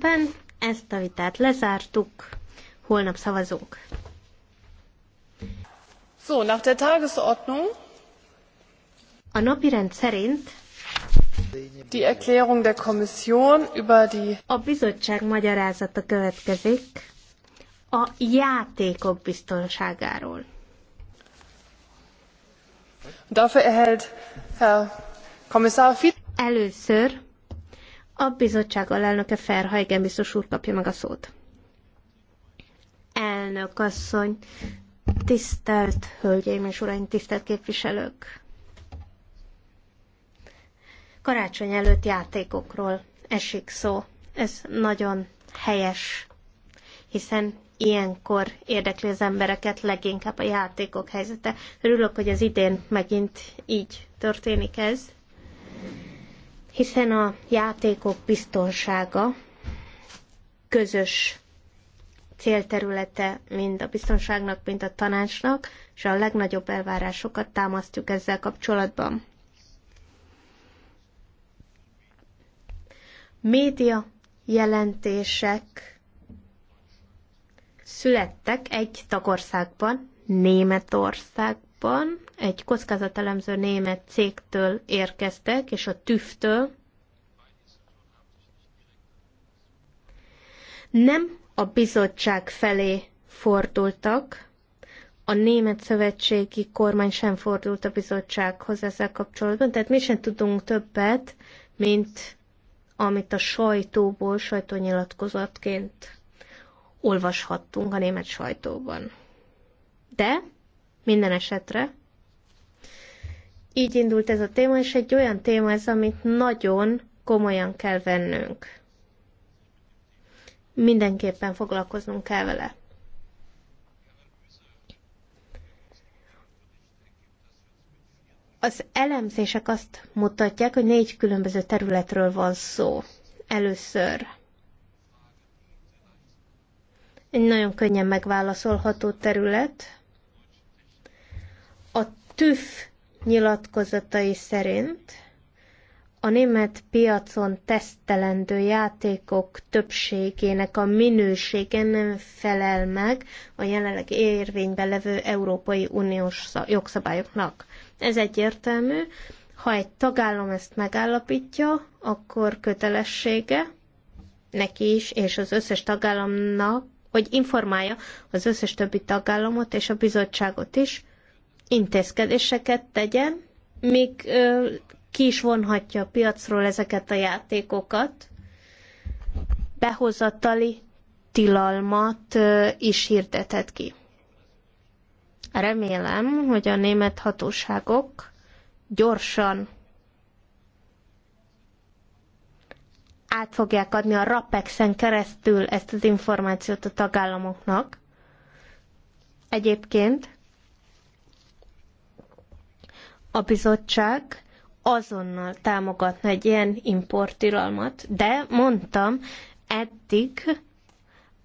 szépen, ezt a vitát lezártuk, holnap szavazunk. So, nach der Tagesordnung. A napi rend szerint die Erklärung der Kommission über die a bizottság magyarázata következik a játékok biztonságáról. Dafür erhält Herr Kommissar Fitt Először a bizottság alelnöke Ferhajgen biztos úr kapja meg a szót. Elnök asszony, tisztelt hölgyeim és uraim, tisztelt képviselők! Karácsony előtt játékokról esik szó. Ez nagyon helyes, hiszen ilyenkor érdekli az embereket leginkább a játékok helyzete. Örülök, hogy az idén megint így történik ez hiszen a játékok biztonsága közös célterülete mind a biztonságnak, mind a tanácsnak, és a legnagyobb elvárásokat támasztjuk ezzel kapcsolatban. Média jelentések születtek egy tagországban, Németországban, hónapban egy kockázatelemző német cégtől érkeztek, és a TÜV-től nem a bizottság felé fordultak, a német szövetségi kormány sem fordult a bizottsághoz ezzel kapcsolatban, tehát mi sem tudunk többet, mint amit a sajtóból, sajtónyilatkozatként olvashattunk a német sajtóban. De minden esetre. Így indult ez a téma, és egy olyan téma ez, amit nagyon komolyan kell vennünk. Mindenképpen foglalkoznunk kell vele. Az elemzések azt mutatják, hogy négy különböző területről van szó. Először egy nagyon könnyen megválaszolható terület, TÜV nyilatkozatai szerint a német piacon tesztelendő játékok többségének a minősége nem felel meg a jelenleg érvényben levő Európai Uniós jogszabályoknak. Ez egyértelmű. Ha egy tagállam ezt megállapítja, akkor kötelessége neki is és az összes tagállamnak, hogy informálja az összes többi tagállamot és a bizottságot is intézkedéseket tegyen, még ö, ki is vonhatja a piacról ezeket a játékokat, behozatali tilalmat ö, is hirdetett ki. Remélem, hogy a német hatóságok gyorsan át fogják adni a RAPEX-en keresztül ezt az információt a tagállamoknak. Egyébként a bizottság azonnal támogatna egy ilyen importtilalmat, de mondtam, eddig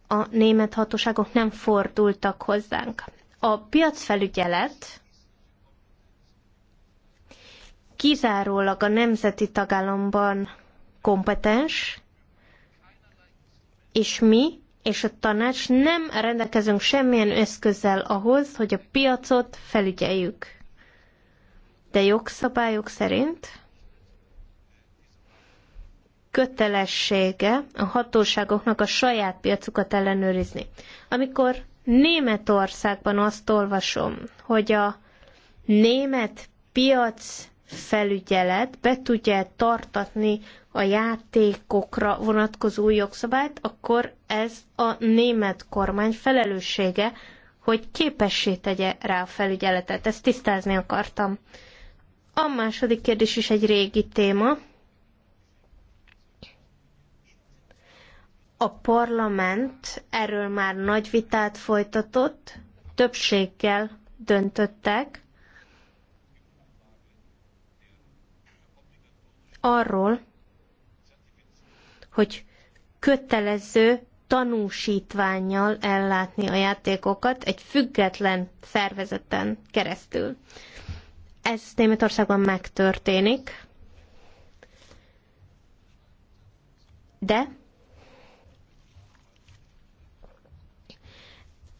a német hatóságok nem fordultak hozzánk. A piacfelügyelet kizárólag a nemzeti tagállamban kompetens, és mi és a tanács nem rendelkezünk semmilyen eszközzel ahhoz, hogy a piacot felügyeljük de jogszabályok szerint kötelessége a hatóságoknak a saját piacukat ellenőrizni. Amikor Németországban azt olvasom, hogy a német piac felügyelet be tudja tartatni a játékokra vonatkozó új jogszabályt, akkor ez a német kormány felelőssége, hogy képessé tegye rá a felügyeletet. Ezt tisztázni akartam. A második kérdés is egy régi téma. A parlament erről már nagy vitát folytatott, többséggel döntöttek arról, hogy kötelező tanúsítványjal ellátni a játékokat egy független szervezeten keresztül. Ez Németországban megtörténik, de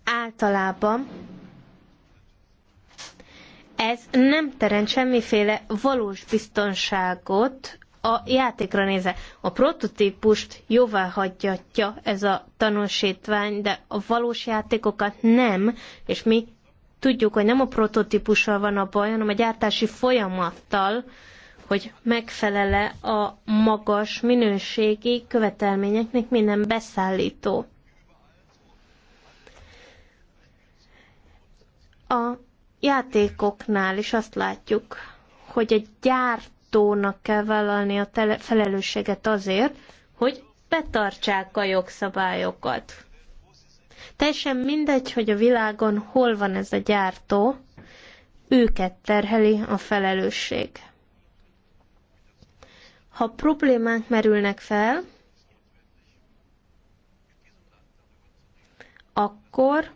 általában ez nem teremt semmiféle valós biztonságot a játékra nézve. A prototípust jóvá hagyjatja ez a tanúsítvány, de a valós játékokat nem, és mi Tudjuk, hogy nem a prototípussal van a baj, hanem a gyártási folyamattal, hogy megfelele a magas minőségi követelményeknek minden beszállító. A játékoknál is azt látjuk, hogy egy gyártónak kell vállalni a felelősséget azért, hogy betartsák a jogszabályokat. Teljesen mindegy, hogy a világon hol van ez a gyártó, őket terheli a felelősség. Ha problémák merülnek fel, akkor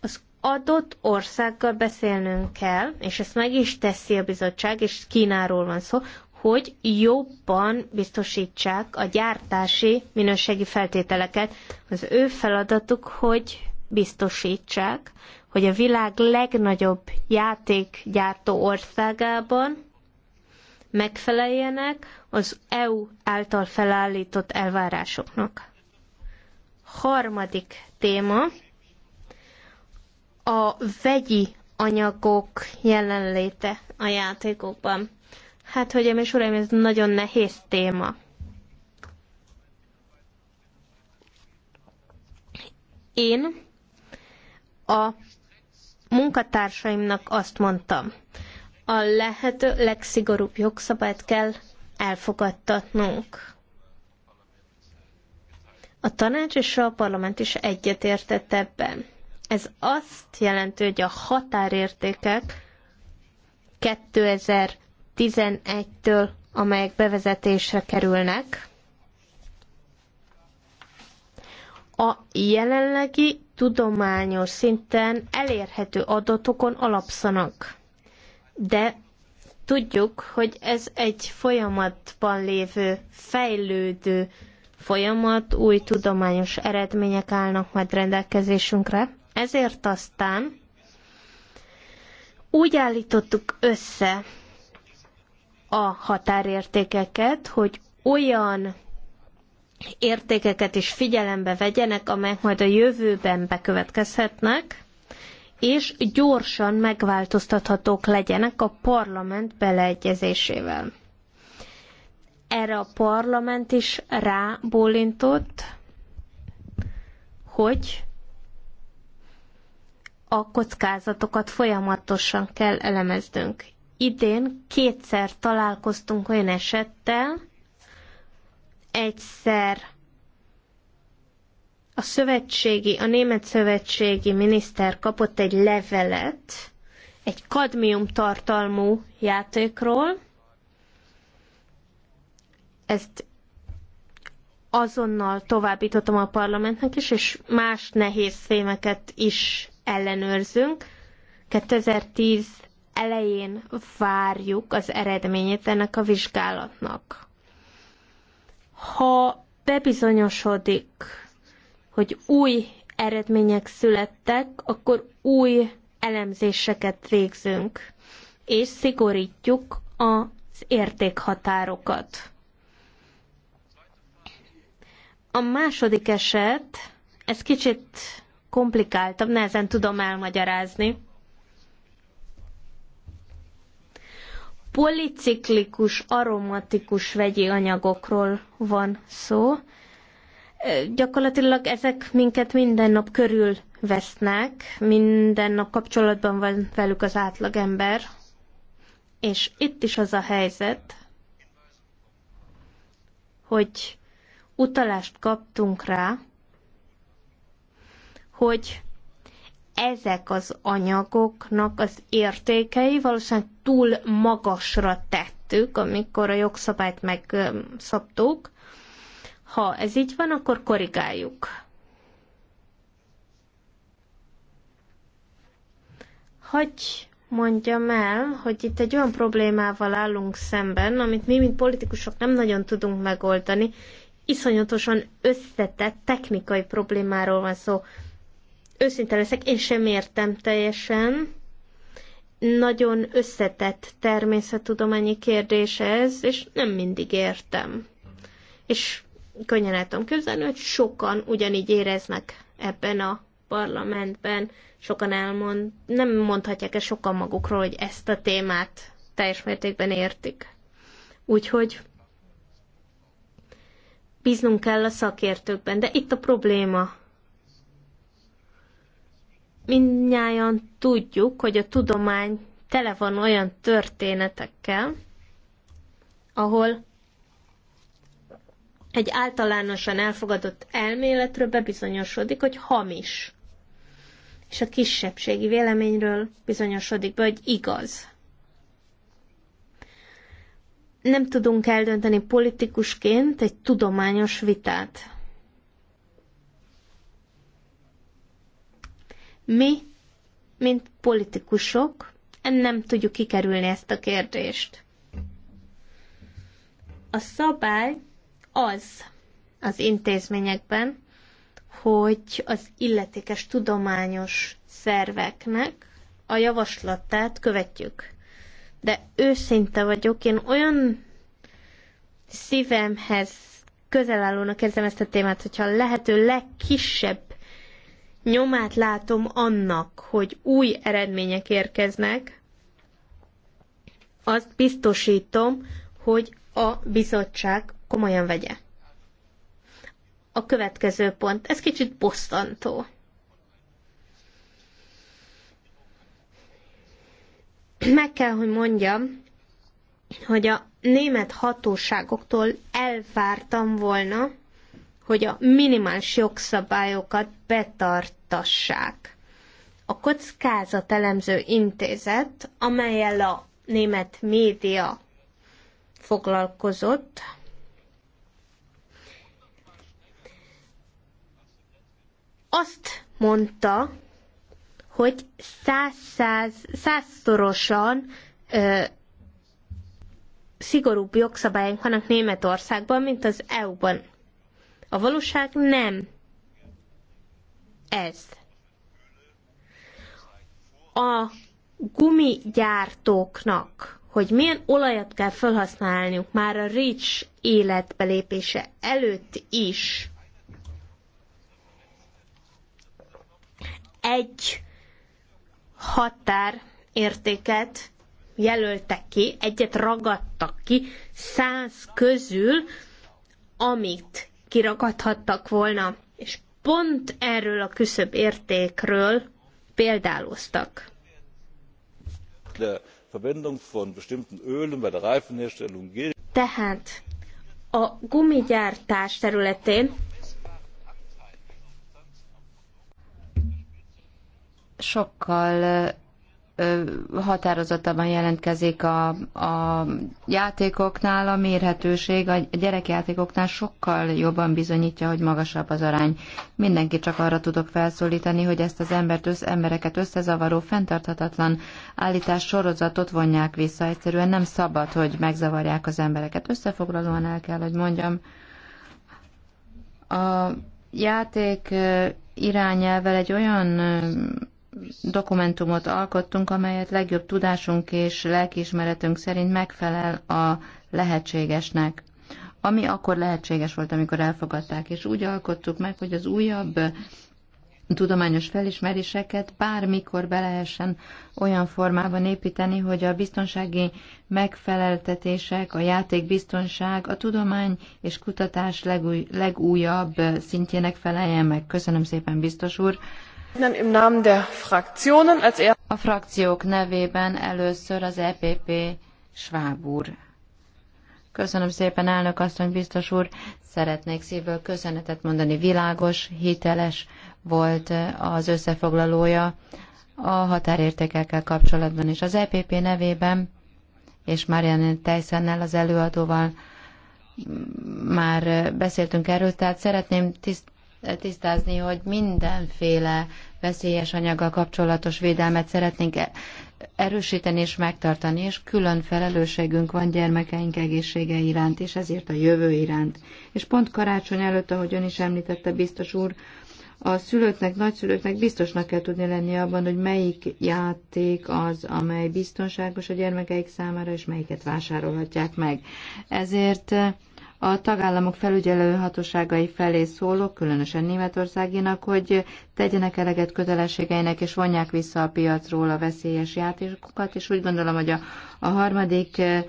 az adott országgal beszélnünk kell, és ezt meg is teszi a bizottság, és Kínáról van szó, hogy jobban biztosítsák a gyártási minőségi feltételeket. Az ő feladatuk, hogy biztosítsák, hogy a világ legnagyobb játékgyártó országában megfeleljenek az EU által felállított elvárásoknak. Harmadik téma a vegyi anyagok jelenléte a játékokban. Hát, hölgyeim és uraim, ez nagyon nehéz téma. Én a munkatársaimnak azt mondtam, a lehető legszigorúbb jogszabályt kell elfogadtatnunk. A tanács és a parlament is egyetértett ebben. Ez azt jelenti, hogy a határértékek 2000 11-től, amelyek bevezetésre kerülnek, a jelenlegi tudományos szinten elérhető adatokon alapszanak. De tudjuk, hogy ez egy folyamatban lévő, fejlődő folyamat, új tudományos eredmények állnak majd rendelkezésünkre. Ezért aztán úgy állítottuk össze a határértékeket, hogy olyan értékeket is figyelembe vegyenek, amelyek majd a jövőben bekövetkezhetnek, és gyorsan megváltoztathatók legyenek a parlament beleegyezésével. Erre a parlament is rábólintott, hogy a kockázatokat folyamatosan kell elemeznünk idén kétszer találkoztunk olyan esettel, egyszer a szövetségi, a német szövetségi miniszter kapott egy levelet egy kadmium tartalmú játékról. Ezt azonnal továbbítottam a parlamentnek is, és más nehéz fémeket is ellenőrzünk. 2010 elején várjuk az eredményét ennek a vizsgálatnak. Ha bebizonyosodik, hogy új eredmények születtek, akkor új elemzéseket végzünk, és szigorítjuk az értékhatárokat. A második eset, ez kicsit komplikáltabb, nehezen tudom elmagyarázni. policiklikus, aromatikus vegyi anyagokról van szó. Gyakorlatilag ezek minket minden nap körül vesznek, minden nap kapcsolatban van velük az átlagember, és itt is az a helyzet, hogy utalást kaptunk rá, hogy ezek az anyagoknak az értékei valószínűleg túl magasra tettük, amikor a jogszabályt megszabtuk. Ha ez így van, akkor korrigáljuk. Hogy mondjam el, hogy itt egy olyan problémával állunk szemben, amit mi, mint politikusok nem nagyon tudunk megoldani. Iszonyatosan összetett technikai problémáról van szó Őszinte leszek, én sem értem teljesen. Nagyon összetett természettudományi kérdés ez, és nem mindig értem. És könnyen el tudom képzelni, hogy sokan ugyanígy éreznek ebben a parlamentben, sokan elmond, nem mondhatják el sokan magukról, hogy ezt a témát teljes mértékben értik. Úgyhogy bíznunk kell a szakértőkben, de itt a probléma mindnyájan tudjuk, hogy a tudomány tele van olyan történetekkel, ahol egy általánosan elfogadott elméletről bebizonyosodik, hogy hamis. És a kisebbségi véleményről bizonyosodik be, hogy igaz. Nem tudunk eldönteni politikusként egy tudományos vitát. Mi, mint politikusok, nem tudjuk kikerülni ezt a kérdést. A szabály az az intézményekben, hogy az illetékes tudományos szerveknek a javaslatát követjük. De őszinte vagyok, én olyan szívemhez közel állónak érzem ezt a témát, hogyha lehető legkisebb nyomát látom annak, hogy új eredmények érkeznek, azt biztosítom, hogy a bizottság komolyan vegye. A következő pont, ez kicsit bosszantó. Meg kell, hogy mondjam, hogy a német hatóságoktól elvártam volna, hogy a minimális jogszabályokat betartassák. A kockázatelemző intézet, amelyel a német média foglalkozott, azt mondta, hogy száz, száz, százszorosan ö, szigorúbb jogszabályunk vannak Németországban, mint az EU-ban. A valóság nem ez. A gumigyártóknak, hogy milyen olajat kell felhasználniuk már a RICS életbelépése előtt is, egy határértéket jelöltek ki, egyet ragadtak ki száz közül, amit kiragadhattak volna, és pont erről a küszöbb értékről példáloztak. Tehát a gumigyártás területén sokkal határozottabban jelentkezik a, a játékoknál, a mérhetőség a gyerekjátékoknál sokkal jobban bizonyítja, hogy magasabb az arány. Mindenki csak arra tudok felszólítani, hogy ezt az embert, össz, embereket összezavaró, fenntarthatatlan állítás sorozatot vonják vissza. Egyszerűen nem szabad, hogy megzavarják az embereket. Összefoglalóan el kell, hogy mondjam. A játék irányelvel egy olyan dokumentumot alkottunk, amelyet legjobb tudásunk és lelkiismeretünk szerint megfelel a lehetségesnek. Ami akkor lehetséges volt, amikor elfogadták, és úgy alkottuk meg, hogy az újabb tudományos felismeréseket bármikor be lehessen olyan formában építeni, hogy a biztonsági megfeleltetések, a játékbiztonság, a tudomány és kutatás legúj, legújabb szintjének feleljen meg. Köszönöm szépen, biztos úr! Er- a frakciók nevében először az EPP Schwab úr. Köszönöm szépen, elnök asszony, biztos úr. Szeretnék szívből köszönetet mondani. Világos, hiteles volt az összefoglalója a határértékekkel kapcsolatban is. Az EPP nevében és Marianne Tysonnel, az előadóval már beszéltünk erről, tehát szeretném tiszt, tisztázni, hogy mindenféle veszélyes anyaggal kapcsolatos védelmet szeretnénk e- erősíteni és megtartani, és külön felelősségünk van gyermekeink egészsége iránt, és ezért a jövő iránt. És pont karácsony előtt, ahogy ön is említette, biztos úr, a szülőknek, nagyszülőknek biztosnak kell tudni lenni abban, hogy melyik játék az, amely biztonságos a gyermekeik számára, és melyiket vásárolhatják meg. Ezért a tagállamok felügyelő hatóságai felé szólok, különösen Németországinak, hogy tegyenek eleget kötelességeinek, és vonják vissza a piacról a veszélyes játékokat, és úgy gondolom, hogy a, a harmadik eh,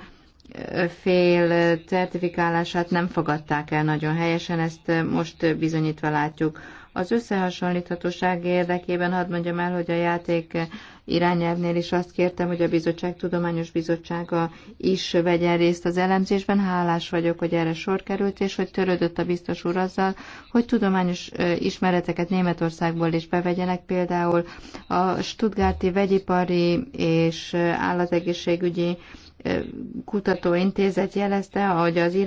fél certifikálását nem fogadták el nagyon helyesen, ezt most bizonyítva látjuk. Az összehasonlíthatóság érdekében hadd mondjam el, hogy a játék irányelvnél is azt kértem, hogy a bizottság tudományos bizottsága is vegyen részt az elemzésben. Hálás vagyok, hogy erre sor került, és hogy törődött a biztos úr azzal, hogy tudományos ismereteket Németországból is bevegyenek, például a Stuttgarti vegyipari és állategészségügyi Kutatóintézet jelezte, hogy az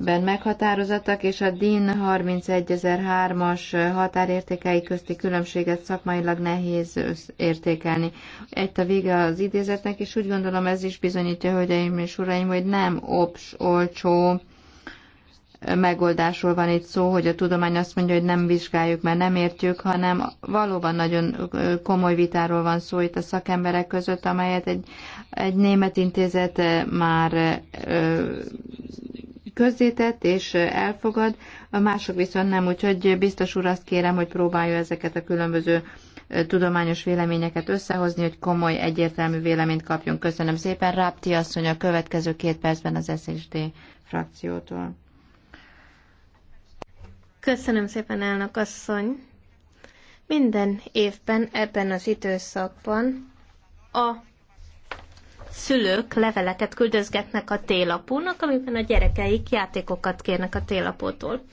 ben meghatározottak, és a DIN 31003-as határértékei közti különbséget szakmailag nehéz értékelni. Egy a vége az idézetnek, és úgy gondolom ez is bizonyítja, hölgyeim és uraim, hogy nem ops, olcsó, megoldásról van itt szó, hogy a tudomány azt mondja, hogy nem vizsgáljuk, mert nem értjük, hanem valóban nagyon komoly vitáról van szó itt a szakemberek között, amelyet egy, egy német intézet már közzétett és elfogad, a mások viszont nem, úgyhogy biztos úr azt kérem, hogy próbálja ezeket a különböző tudományos véleményeket összehozni, hogy komoly, egyértelmű véleményt kapjunk. Köszönöm szépen. Rápti asszony a következő két percben az SZSD frakciótól. Köszönöm szépen, elnök asszony. Minden évben ebben az időszakban a szülők leveleket küldözgetnek a télapónak, amiben a gyerekeik játékokat kérnek a télapótól.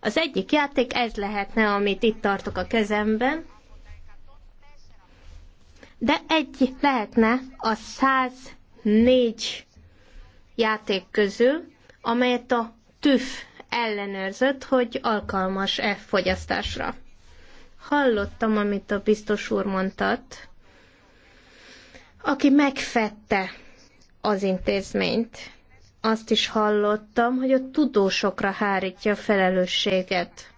Az egyik játék ez lehetne, amit itt tartok a kezemben, de egy lehetne a 104 játék közül, amelyet a TÜV ellenőrzött, hogy alkalmas-e fogyasztásra. Hallottam, amit a biztos úr mondtat, aki megfette az intézményt. Azt is hallottam, hogy a tudósokra hárítja a felelősséget.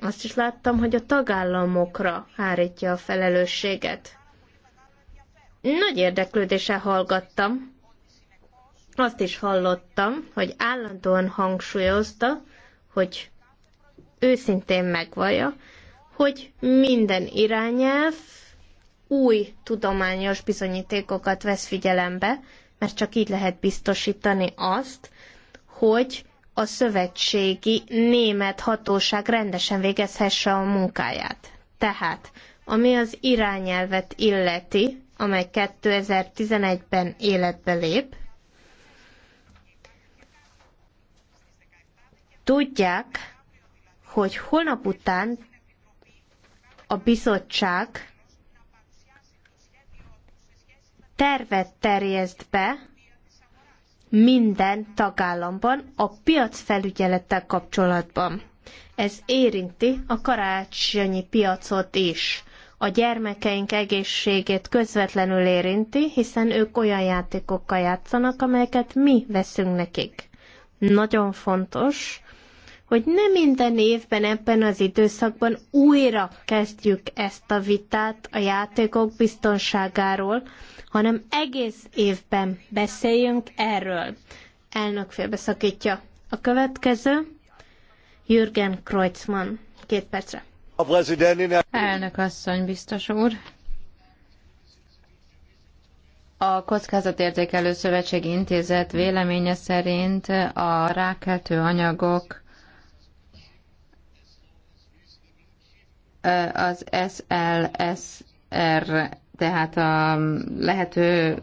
Azt is láttam, hogy a tagállamokra hárítja a felelősséget. Nagy érdeklődéssel hallgattam. Azt is hallottam, hogy állandóan hangsúlyozta, hogy őszintén megvallja, hogy minden irányelv új tudományos bizonyítékokat vesz figyelembe, mert csak így lehet biztosítani azt, hogy a szövetségi német hatóság rendesen végezhesse a munkáját. Tehát, ami az irányelvet illeti, amely 2011-ben életbe lép, Tudják, hogy holnap után a bizottság tervet terjeszt be minden tagállamban a piacfelügyelettel kapcsolatban. Ez érinti a karácsonyi piacot is. A gyermekeink egészségét közvetlenül érinti, hiszen ők olyan játékokkal játszanak, amelyeket mi veszünk nekik. Nagyon fontos, hogy nem minden évben ebben az időszakban újra kezdjük ezt a vitát a játékok biztonságáról, hanem egész évben beszéljünk erről. Elnök félbeszakítja. A következő Jürgen Kreutzmann. Két percre. Elnök asszony, biztos úr. A Kockázatértékelő Szövetségi Intézet véleménye szerint a rákeltő anyagok az SLSR, tehát a lehető,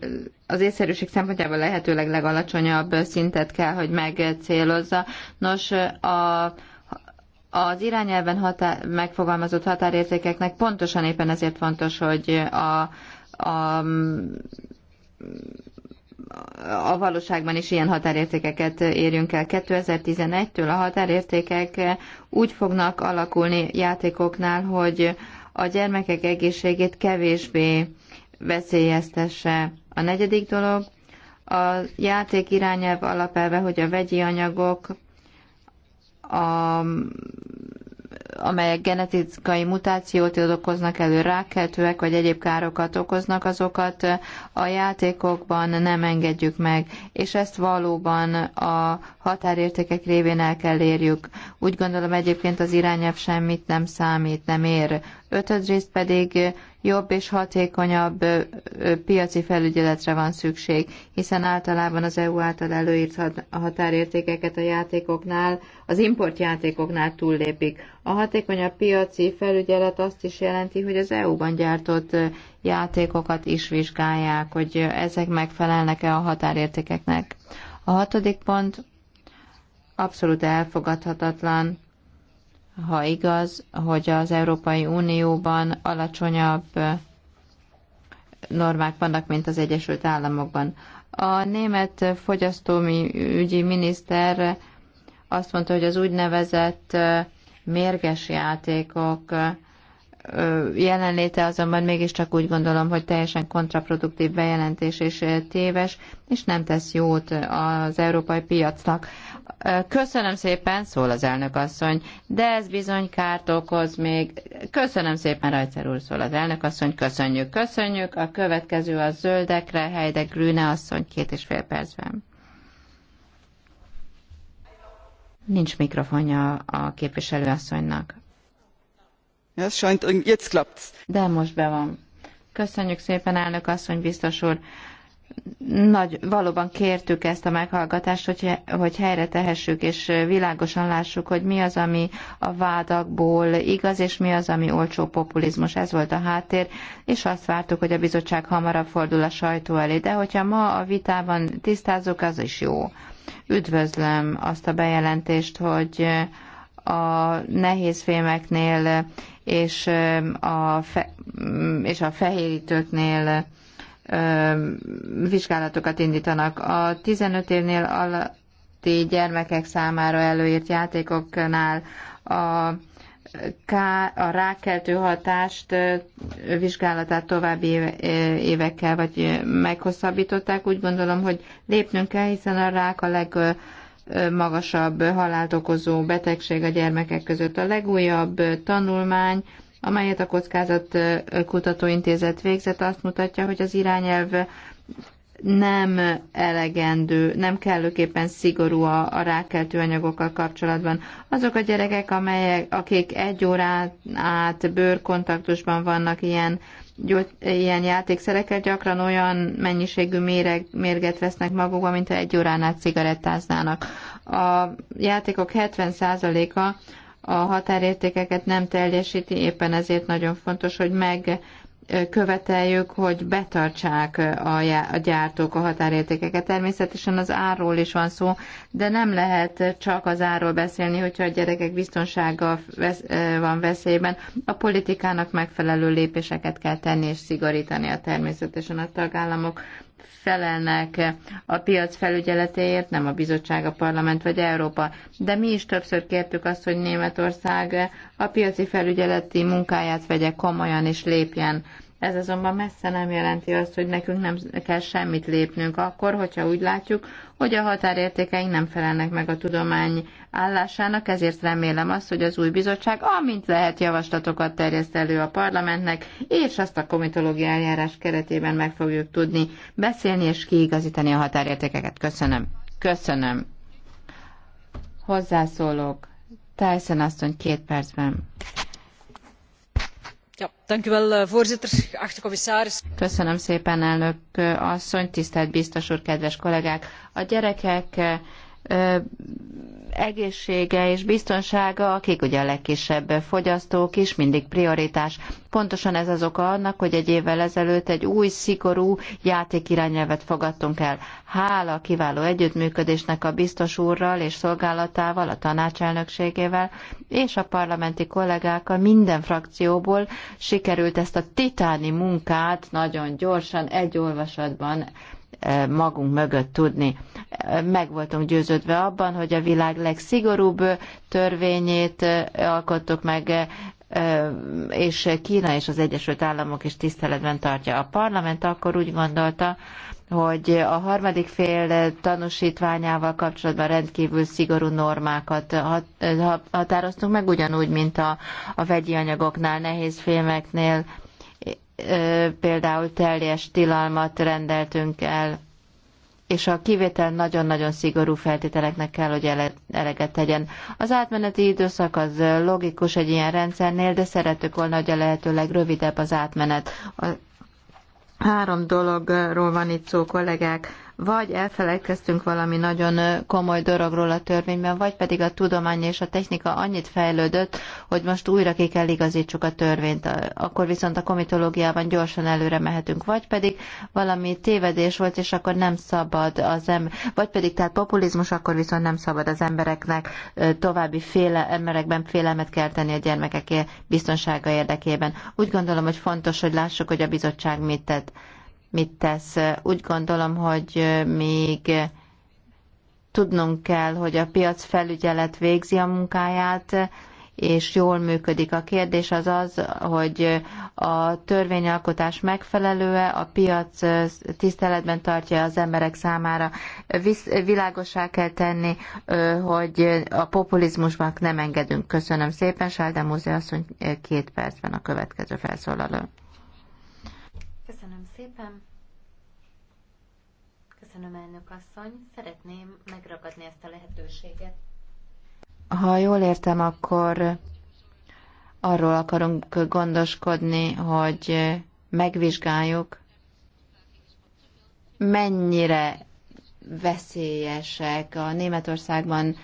az észszerűség szempontjából lehetőleg legalacsonyabb szintet kell, hogy megcélozza. Nos, a az irányelven határ, megfogalmazott határértékeknek pontosan éppen ezért fontos, hogy a, a a valóságban is ilyen határértékeket érjünk el. 2011-től a határértékek úgy fognak alakulni játékoknál, hogy a gyermekek egészségét kevésbé veszélyeztesse. A negyedik dolog, a játék irányelv alapelve, hogy a vegyi anyagok a amelyek genetikai mutációt okoznak elő, rákkeltőek vagy egyéb károkat okoznak, azokat a játékokban nem engedjük meg, és ezt valóban a határértékek révén el kell érjük. Úgy gondolom egyébként az irányelv semmit nem számít, nem ér. Ötödrészt pedig jobb és hatékonyabb piaci felügyeletre van szükség, hiszen általában az EU által előírt határértékeket a játékoknál, az importjátékoknál túllépik. A hatékonyabb piaci felügyelet azt is jelenti, hogy az EU-ban gyártott játékokat is vizsgálják, hogy ezek megfelelnek-e a határértékeknek. A hatodik pont abszolút elfogadhatatlan, ha igaz, hogy az Európai Unióban alacsonyabb normák vannak, mint az Egyesült Államokban. A német fogyasztómi ügyi miniszter azt mondta, hogy az úgynevezett mérges játékok jelenléte azonban mégiscsak úgy gondolom, hogy teljesen kontraproduktív bejelentés és téves, és nem tesz jót az európai piacnak. Köszönöm szépen, szól az elnök asszony, de ez bizony kárt okoz még. Köszönöm szépen, Rajcer úr, szól az elnök asszony, köszönjük, köszönjük. A következő a zöldekre, Heide Grüne asszony, két és fél percben. Nincs mikrofonja a képviselőasszonynak jetzt klappt's. De most be van. Köszönjük szépen, elnök asszony, biztos úr. Nagy, valóban kértük ezt a meghallgatást, hogy, hogy helyre tehessük, és világosan lássuk, hogy mi az, ami a vádakból igaz, és mi az, ami olcsó populizmus. Ez volt a háttér, és azt vártuk, hogy a bizottság hamarabb fordul a sajtó elé. De hogyha ma a vitában tisztázzuk, az is jó. Üdvözlöm azt a bejelentést, hogy a nehéz fémeknél és um, a, fe, mm, és a fehérítőknél um, vizsgálatokat indítanak. A 15 évnél alatti gyermekek számára előírt játékoknál a a rákeltő hatást uh, vizsgálatát további uh, évekkel vagy uh, meghosszabbították. Úgy gondolom, hogy lépnünk kell, hiszen a rák a leg magasabb halált okozó betegség a gyermekek között. A legújabb tanulmány, amelyet a Kockázat Kutatóintézet végzett, azt mutatja, hogy az irányelv nem elegendő, nem kellőképpen szigorú a, a rákeltő anyagokkal kapcsolatban. Azok a gyerekek, amelyek, akik egy órán át bőrkontaktusban vannak ilyen gyógy, ilyen játékszereket gyakran olyan mennyiségű méreg, mérget vesznek magukba, mint ha egy órán át cigarettáznának. A játékok 70%-a a határértékeket nem teljesíti, éppen ezért nagyon fontos, hogy meg követeljük, hogy betartsák a gyártók a határértékeket. Természetesen az árról is van szó, de nem lehet csak az árról beszélni, hogyha a gyerekek biztonsága van veszélyben. A politikának megfelelő lépéseket kell tenni és szigorítani a természetesen a tagállamok felelnek a piac felügyeletéért, nem a bizottság, a parlament vagy Európa. De mi is többször kértük azt, hogy Németország a piaci felügyeleti munkáját vegye komolyan és lépjen. Ez azonban messze nem jelenti azt, hogy nekünk nem kell semmit lépnünk akkor, hogyha úgy látjuk, hogy a határértékeink nem felelnek meg a tudomány állásának, ezért remélem azt, hogy az új bizottság, amint lehet javaslatokat terjeszt elő a parlamentnek, és azt a komitológiai eljárás keretében meg fogjuk tudni beszélni és kiigazítani a határértékeket. Köszönöm. Köszönöm. Hozzászólók. Tyson asszony két percben. Eh, voorzitter geachte commissaris. Köszönöm szépen, elnök eh, asszony, tisztelt biztos úr, kedves kollégák! A gyerekek eh, egészsége és biztonsága, akik ugye a legkisebb fogyasztók is, mindig prioritás. Pontosan ez az oka annak, hogy egy évvel ezelőtt egy új, szigorú játékirányelvet fogadtunk el. Hála a kiváló együttműködésnek a biztos úrral és szolgálatával, a tanácselnökségével és a parlamenti kollégákkal minden frakcióból sikerült ezt a titáni munkát nagyon gyorsan, egy olvasatban E, magunk mögött tudni. E, meg voltunk győződve abban, hogy a világ legszigorúbb törvényét e, alkottuk meg, és Kína és az Egyesült Államok is tiszteletben tartja. A parlament akkor úgy gondolta, hogy a harmadik fél tanúsítványával kapcsolatban rendkívül szigorú normákat határoztunk meg, ugyanúgy, mint a, a vegyi anyagoknál, nehéz filmeknél, például teljes tilalmat rendeltünk el, és a kivétel nagyon-nagyon szigorú feltételeknek kell, hogy ele, eleget tegyen. Az átmeneti időszak az logikus egy ilyen rendszernél, de szeretük volna, hogy a lehető legrövidebb az átmenet. A három dologról van itt szó, kollégák vagy elfelejtkeztünk valami nagyon komoly dologról a törvényben, vagy pedig a tudomány és a technika annyit fejlődött, hogy most újra ki kell igazítsuk a törvényt, akkor viszont a komitológiában gyorsan előre mehetünk, vagy pedig valami tévedés volt, és akkor nem szabad az ember, vagy pedig tehát populizmus, akkor viszont nem szabad az embereknek további féle, emberekben félelmet kelteni a gyermekek biztonsága érdekében. Úgy gondolom, hogy fontos, hogy lássuk, hogy a bizottság mit tett mit tesz. Úgy gondolom, hogy még tudnunk kell, hogy a piac felügyelet végzi a munkáját, és jól működik. A kérdés az az, hogy a törvényalkotás megfelelő-e, a piac tiszteletben tartja az emberek számára. Világosá kell tenni, hogy a populizmusnak nem engedünk. Köszönöm szépen, Sáldemúzi asszony két percben a következő felszólaló szépen. Köszönöm, elnök asszony. Szeretném megragadni ezt a lehetőséget. Ha jól értem, akkor arról akarunk gondoskodni, hogy megvizsgáljuk, mennyire veszélyesek a Németországban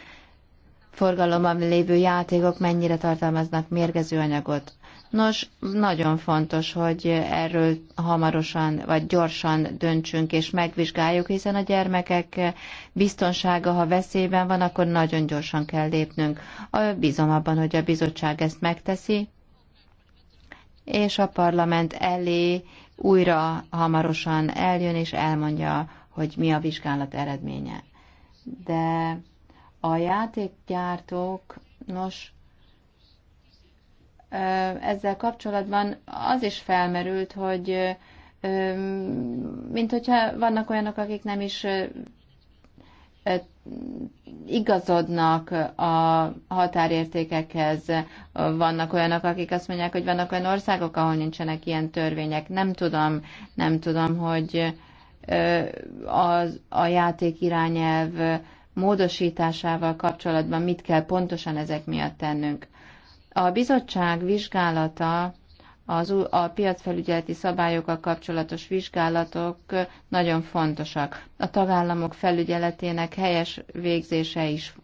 forgalomban lévő játékok, mennyire tartalmaznak mérgező anyagot. Nos, nagyon fontos, hogy erről hamarosan vagy gyorsan döntsünk és megvizsgáljuk, hiszen a gyermekek biztonsága, ha veszélyben van, akkor nagyon gyorsan kell lépnünk. Bízom abban, hogy a bizottság ezt megteszi, és a parlament elé újra hamarosan eljön és elmondja, hogy mi a vizsgálat eredménye. De a játékgyártók, nos, ezzel kapcsolatban az is felmerült, hogy mint hogyha vannak olyanok, akik nem is igazodnak a határértékekhez. Vannak olyanok, akik azt mondják, hogy vannak olyan országok, ahol nincsenek ilyen törvények. Nem tudom, nem tudom, hogy az, a játék irányelv módosításával kapcsolatban mit kell pontosan ezek miatt tennünk. A bizottság vizsgálata az a piacfelügyeleti szabályokkal kapcsolatos vizsgálatok nagyon fontosak. A tagállamok felügyeletének helyes végzése is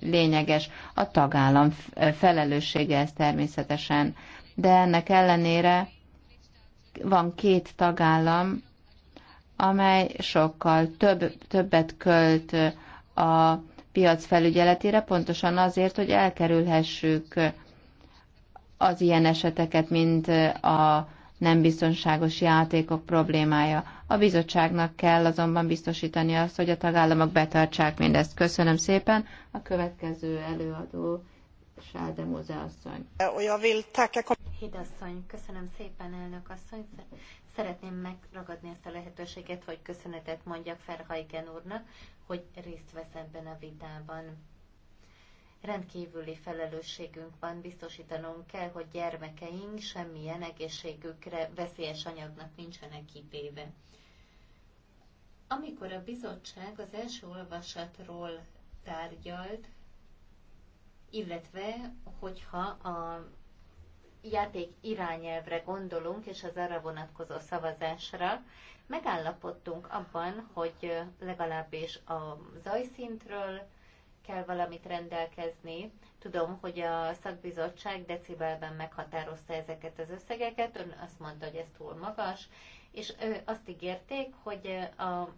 lényeges. A tagállam felelőssége ez természetesen. De ennek ellenére van két tagállam, amely sokkal több, többet költ a piacfelügyeletére, pontosan azért, hogy elkerülhessük az ilyen eseteket, mint a nem biztonságos játékok problémája. A bizottságnak kell azonban biztosítani azt, hogy a tagállamok betartsák mindezt. Köszönöm szépen. A következő előadó Sáde Móze asszony. Hidasszony, köszönöm szépen, elnök asszony. Szeretném megragadni ezt a lehetőséget, hogy köszönetet mondjak Ferhajgen úrnak, hogy részt vesz ebben a vitában rendkívüli felelősségünk van, biztosítanunk kell, hogy gyermekeink semmilyen egészségükre veszélyes anyagnak nincsenek kitéve. Amikor a bizottság az első olvasatról tárgyalt, illetve hogyha a játék irányelvre gondolunk, és az arra vonatkozó szavazásra, megállapodtunk abban, hogy legalábbis a zajszintről, kell valamit rendelkezni. Tudom, hogy a szakbizottság decibelben meghatározta ezeket az összegeket, ön azt mondta, hogy ez túl magas, és azt ígérték, hogy a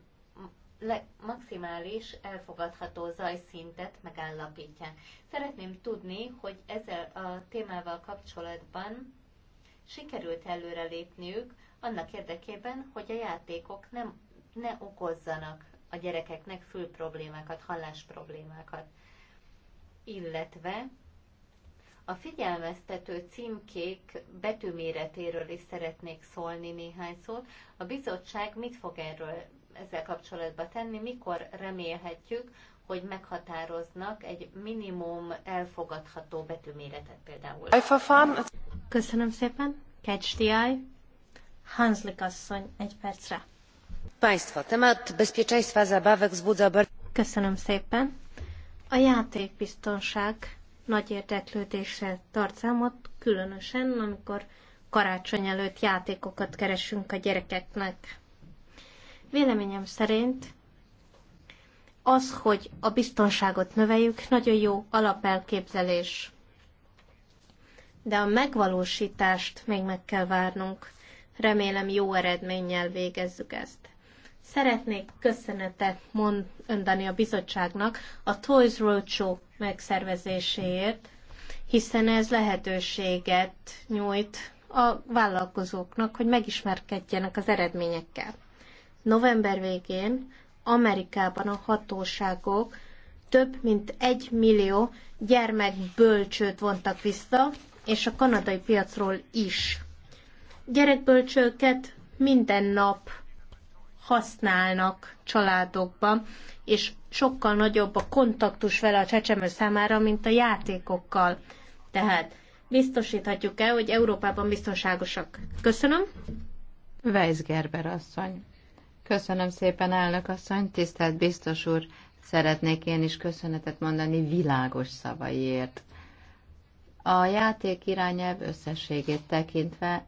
maximális elfogadható zajszintet megállapítják. Szeretném tudni, hogy ezzel a témával kapcsolatban sikerült előrelépniük annak érdekében, hogy a játékok nem, ne okozzanak a gyerekeknek fül problémákat, hallás problémákat. Illetve a figyelmeztető címkék betűméretéről is szeretnék szólni néhány szót. A bizottság mit fog erről ezzel kapcsolatban tenni, mikor remélhetjük, hogy meghatároznak egy minimum elfogadható betűméretet például. Köszönöm szépen. Catch the eye. Hanslik asszony, egy percre temat bezpieczeństwa zabawek wzbudza szépen. A játékbiztonság nagy érdeklődéssel tart számot, különösen, amikor karácsony előtt játékokat keresünk a gyerekeknek. Véleményem szerint az, hogy a biztonságot növeljük, nagyon jó alapelképzelés. De a megvalósítást még meg kell várnunk. Remélem jó eredménnyel végezzük ezt. Szeretnék köszönetet mondani a bizottságnak a Toys Roadshow megszervezéséért, hiszen ez lehetőséget nyújt a vállalkozóknak, hogy megismerkedjenek az eredményekkel. November végén Amerikában a hatóságok több mint egy millió gyermekbölcsőt vontak vissza, és a kanadai piacról is. Gyerekbölcsőket minden nap használnak családokban, és sokkal nagyobb a kontaktus vele a csecsemő számára, mint a játékokkal. Tehát biztosíthatjuk-e, hogy Európában biztonságosak? Köszönöm. Weiss Gerber asszony. Köszönöm szépen, elnök asszony, tisztelt biztos úr. Szeretnék én is köszönetet mondani világos szavaiért. A játék irányelv összességét tekintve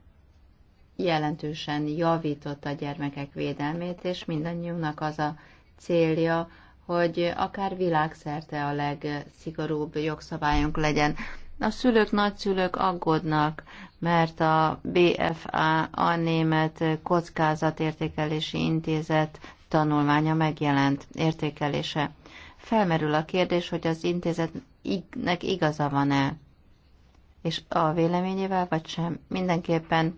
jelentősen javította a gyermekek védelmét, és mindannyiunknak az a célja, hogy akár világszerte a legszigorúbb jogszabályunk legyen. A szülők, nagyszülők aggódnak, mert a BFA, a Német Kockázatértékelési Intézet tanulmánya megjelent értékelése. Felmerül a kérdés, hogy az intézetnek igaza van-e, és a véleményével vagy sem. Mindenképpen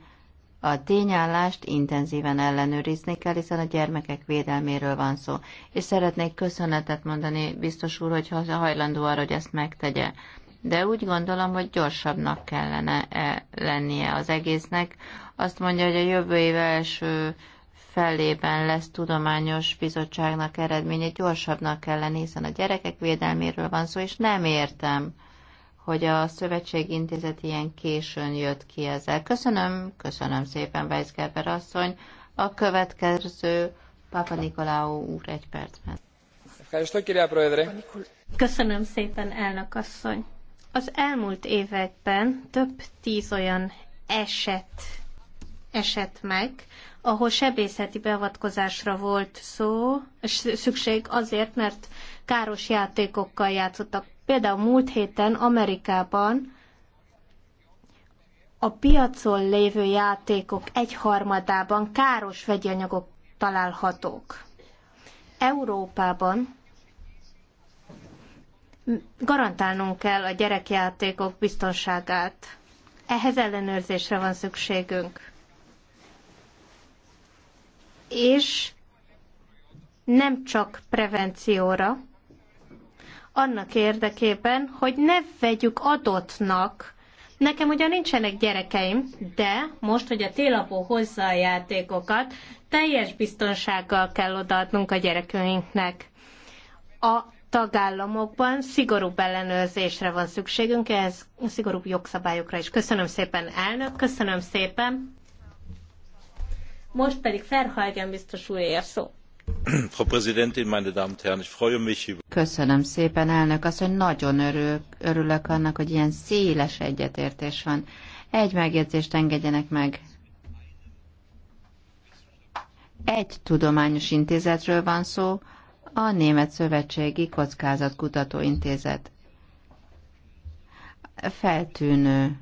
a tényállást intenzíven ellenőrizni kell, hiszen a gyermekek védelméről van szó. És szeretnék köszönetet mondani, biztos úr, hogy hajlandó arra, hogy ezt megtegye. De úgy gondolom, hogy gyorsabbnak kellene -e lennie az egésznek. Azt mondja, hogy a jövő év első fellében lesz tudományos bizottságnak eredménye, gyorsabbnak kellene, hiszen a gyerekek védelméről van szó, és nem értem hogy a Szövetség Intézet ilyen későn jött ki ezzel. Köszönöm, köszönöm szépen, Weisgerber asszony. A következő Papa Nikolaou úr egy percben. Köszönöm szépen, elnök asszony. Az elmúlt években több tíz olyan eset esett meg, ahol sebészeti beavatkozásra volt szó, szükség azért, mert káros játékokkal játszottak Például múlt héten Amerikában a piacon lévő játékok egyharmadában káros vegyi anyagok találhatók. Európában garantálnunk kell a gyerekjátékok biztonságát. Ehhez ellenőrzésre van szükségünk. És nem csak prevencióra, annak érdekében, hogy ne vegyük adottnak. Nekem ugyan nincsenek gyerekeim, de most, hogy a télapó hozza a játékokat, teljes biztonsággal kell odaadnunk a gyerekeinknek. A tagállamokban szigorúbb ellenőrzésre van szükségünk, ehhez szigorúbb jogszabályokra is. Köszönöm szépen, elnök, köszönöm szépen. Most pedig Ferhajgen biztos úr ér szó. Frau Präsidentin, meine Damen und Herren, ich freue mich über... Köszönöm szépen, elnök asszony, nagyon örülök, örülök annak, hogy ilyen széles egyetértés van. Egy megjegyzést engedjenek meg. Egy tudományos intézetről van szó, a Német Szövetségi Kockázatkutató Intézet. Feltűnő,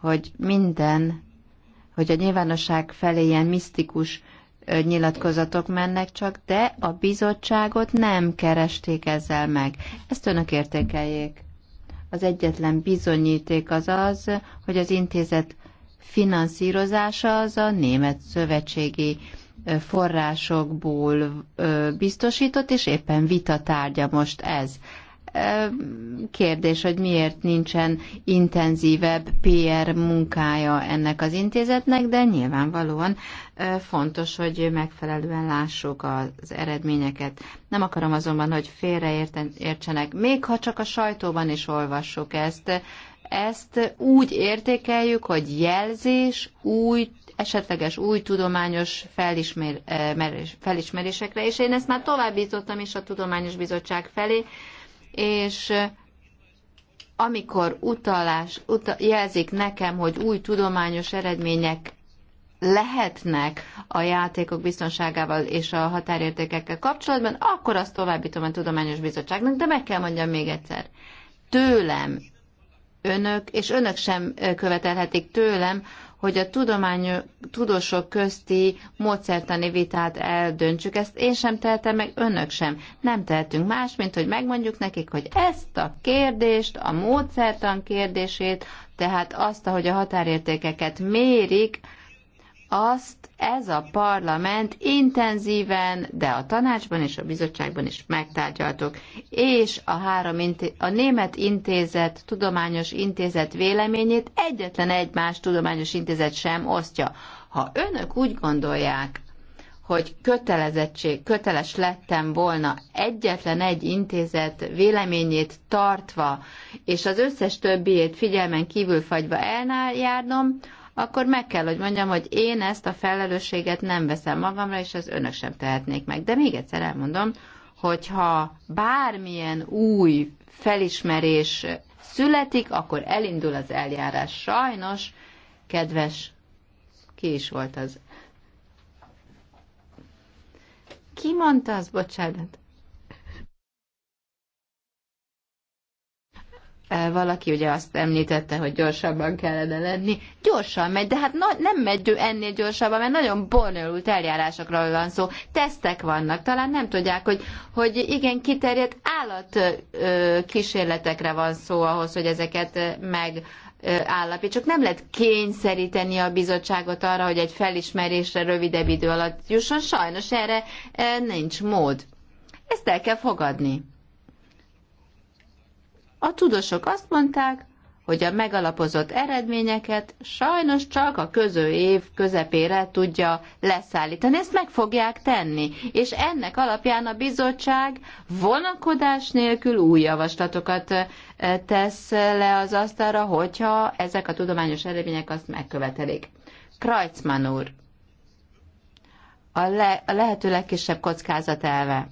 hogy minden, hogy a nyilvánosság felé ilyen misztikus nyilatkozatok mennek csak, de a bizottságot nem keresték ezzel meg. Ezt önök értékeljék. Az egyetlen bizonyíték az az, hogy az intézet finanszírozása az a német szövetségi forrásokból biztosított, és éppen vita tárgya most ez. Kérdés, hogy miért nincsen intenzívebb PR munkája ennek az intézetnek, de nyilvánvalóan fontos, hogy megfelelően lássuk az eredményeket. Nem akarom azonban, hogy félreértsenek, még ha csak a sajtóban is olvassuk ezt. Ezt úgy értékeljük, hogy jelzés, új esetleges új tudományos felismer, felismerésekre, és én ezt már továbbítottam is a Tudományos Bizottság felé, és amikor utalás, uta jelzik nekem, hogy új tudományos eredmények lehetnek a játékok biztonságával és a határértékekkel kapcsolatban, akkor azt továbbítom a Tudományos Bizottságnak, de meg kell mondjam még egyszer. Tőlem önök, és önök sem követelhetik tőlem, hogy a tudomány, tudósok közti módszertani vitát eldöntsük. Ezt én sem tehetem, meg önök sem. Nem tehetünk más, mint hogy megmondjuk nekik, hogy ezt a kérdést, a módszertan kérdését, tehát azt, ahogy a határértékeket mérik, azt ez a parlament intenzíven, de a tanácsban és a bizottságban is megtárgyaltuk. És a, három inté- a német intézet, tudományos intézet véleményét egyetlen egy más tudományos intézet sem osztja. Ha önök úgy gondolják, hogy kötelezettség, köteles lettem volna egyetlen egy intézet véleményét tartva, és az összes többiét figyelmen kívül fagyva eljárnom, akkor meg kell, hogy mondjam, hogy én ezt a felelősséget nem veszem magamra, és az önök sem tehetnék meg. De még egyszer elmondom, hogyha bármilyen új felismerés születik, akkor elindul az eljárás. Sajnos, kedves, ki is volt az? Ki mondta az, bocsánat? Eh, valaki ugye azt említette, hogy gyorsabban kellene lenni. Gyorsan megy, de hát na, nem megy ennél gyorsabban, mert nagyon bonyolult eljárásokról van szó. Tesztek vannak, talán nem tudják, hogy, hogy igen, kiterjedt állat eh, kísérletekre van szó ahhoz, hogy ezeket eh, meg csak Nem lehet kényszeríteni a bizottságot arra, hogy egy felismerésre rövidebb idő alatt jusson. Sajnos erre nincs mód. Ezt el kell fogadni. A tudósok azt mondták, hogy a megalapozott eredményeket sajnos csak a közö év közepére tudja leszállítani. Ezt meg fogják tenni, és ennek alapján a bizottság vonakodás nélkül új javaslatokat eh, tesz le az asztalra, hogyha ezek a tudományos eredmények azt megkövetelik. Kreutzmann úr, a, le, a lehető legkisebb kockázat elve.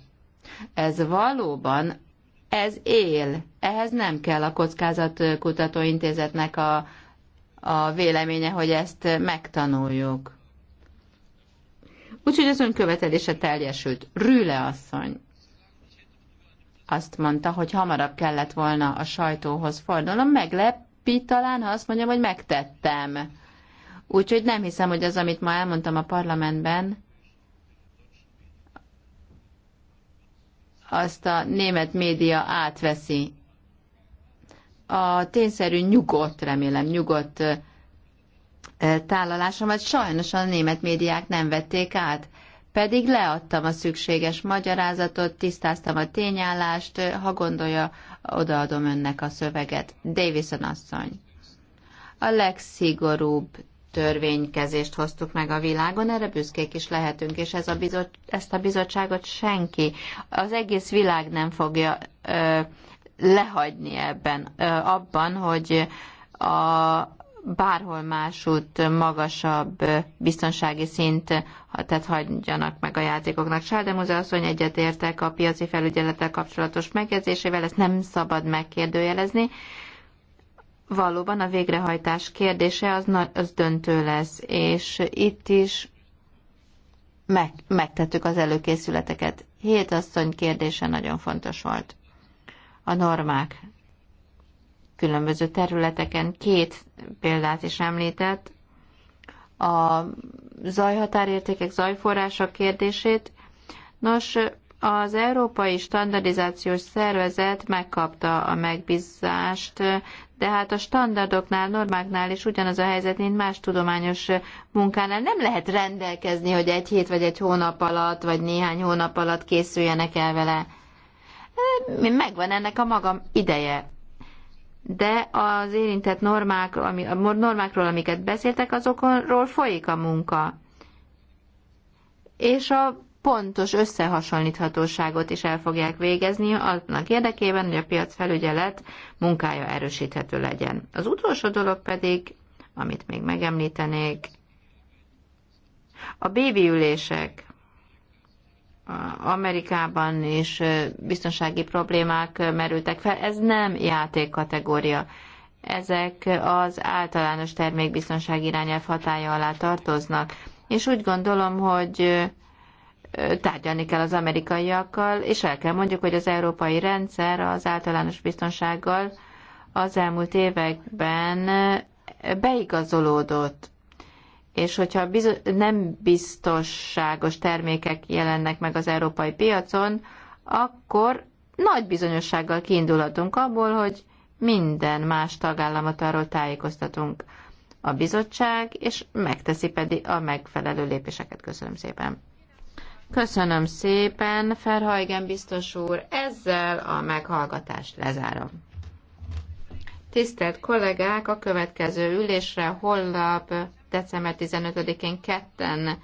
Ez valóban ez él. Ehhez nem kell a kockázatkutató intézetnek a, a véleménye, hogy ezt megtanuljuk. Úgyhogy az önkövetelése teljesült. Rüle asszony azt mondta, hogy hamarabb kellett volna a sajtóhoz fordulnom. Meglepi talán, ha azt mondjam, hogy megtettem. Úgyhogy nem hiszem, hogy az, amit ma elmondtam a parlamentben, azt a német média átveszi. A tényszerű nyugodt, remélem, nyugodt tálalásomat sajnos a német médiák nem vették át. Pedig leadtam a szükséges magyarázatot, tisztáztam a tényállást, ha gondolja, odaadom önnek a szöveget. Davison asszony. A legszigorúbb törvénykezést hoztuk meg a világon, erre büszkék is lehetünk, és ez a bizot, ezt a bizottságot senki, az egész világ nem fogja ö, lehagyni ebben, ö, abban, hogy a bárhol másút magasabb biztonsági szint, tehát hagyjanak meg a játékoknak. Sáldemúze asszony egyetértek a piaci felügyelettel kapcsolatos megjegyzésével, ezt nem szabad megkérdőjelezni valóban a végrehajtás kérdése az, az döntő lesz, és itt is meg, megtettük az előkészületeket. Hét asszony kérdése nagyon fontos volt. A normák különböző területeken két példát is említett. A zajhatárértékek, zajforrások kérdését. Nos, az Európai Standardizációs Szervezet megkapta a megbízást, de hát a standardoknál, normáknál is ugyanaz a helyzet, mint más tudományos munkánál. Nem lehet rendelkezni, hogy egy hét vagy egy hónap alatt, vagy néhány hónap alatt készüljenek el vele. Megvan ennek a magam ideje. De az érintett normák, ami, a normákról, amiket beszéltek, azokról folyik a munka. És a pontos összehasonlíthatóságot is el fogják végezni annak érdekében, hogy a piacfelügyelet munkája erősíthető legyen. Az utolsó dolog pedig, amit még megemlítenék, a ülések Amerikában is biztonsági problémák merültek fel. Ez nem játékkategória. Ezek az általános termékbiztonság irányelv hatája alá tartoznak. És úgy gondolom, hogy tárgyalni kell az amerikaiakkal, és el kell mondjuk, hogy az európai rendszer az általános biztonsággal az elmúlt években beigazolódott. És hogyha bizo- nem biztosságos termékek jelennek meg az európai piacon, akkor nagy bizonyossággal kiindulhatunk abból, hogy minden más tagállamot arról tájékoztatunk a bizottság, és megteszi pedig a megfelelő lépéseket. Köszönöm szépen. Köszönöm szépen, Ferhajgen biztos úr, ezzel a meghallgatást lezárom. Tisztelt kollégák, a következő ülésre holnap december 15-én ketten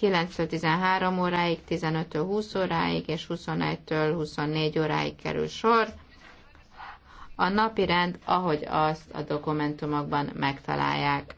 9-13 óráig, 15 20 óráig és 21-től 24 óráig kerül sor. A napi rend, ahogy azt a dokumentumokban megtalálják.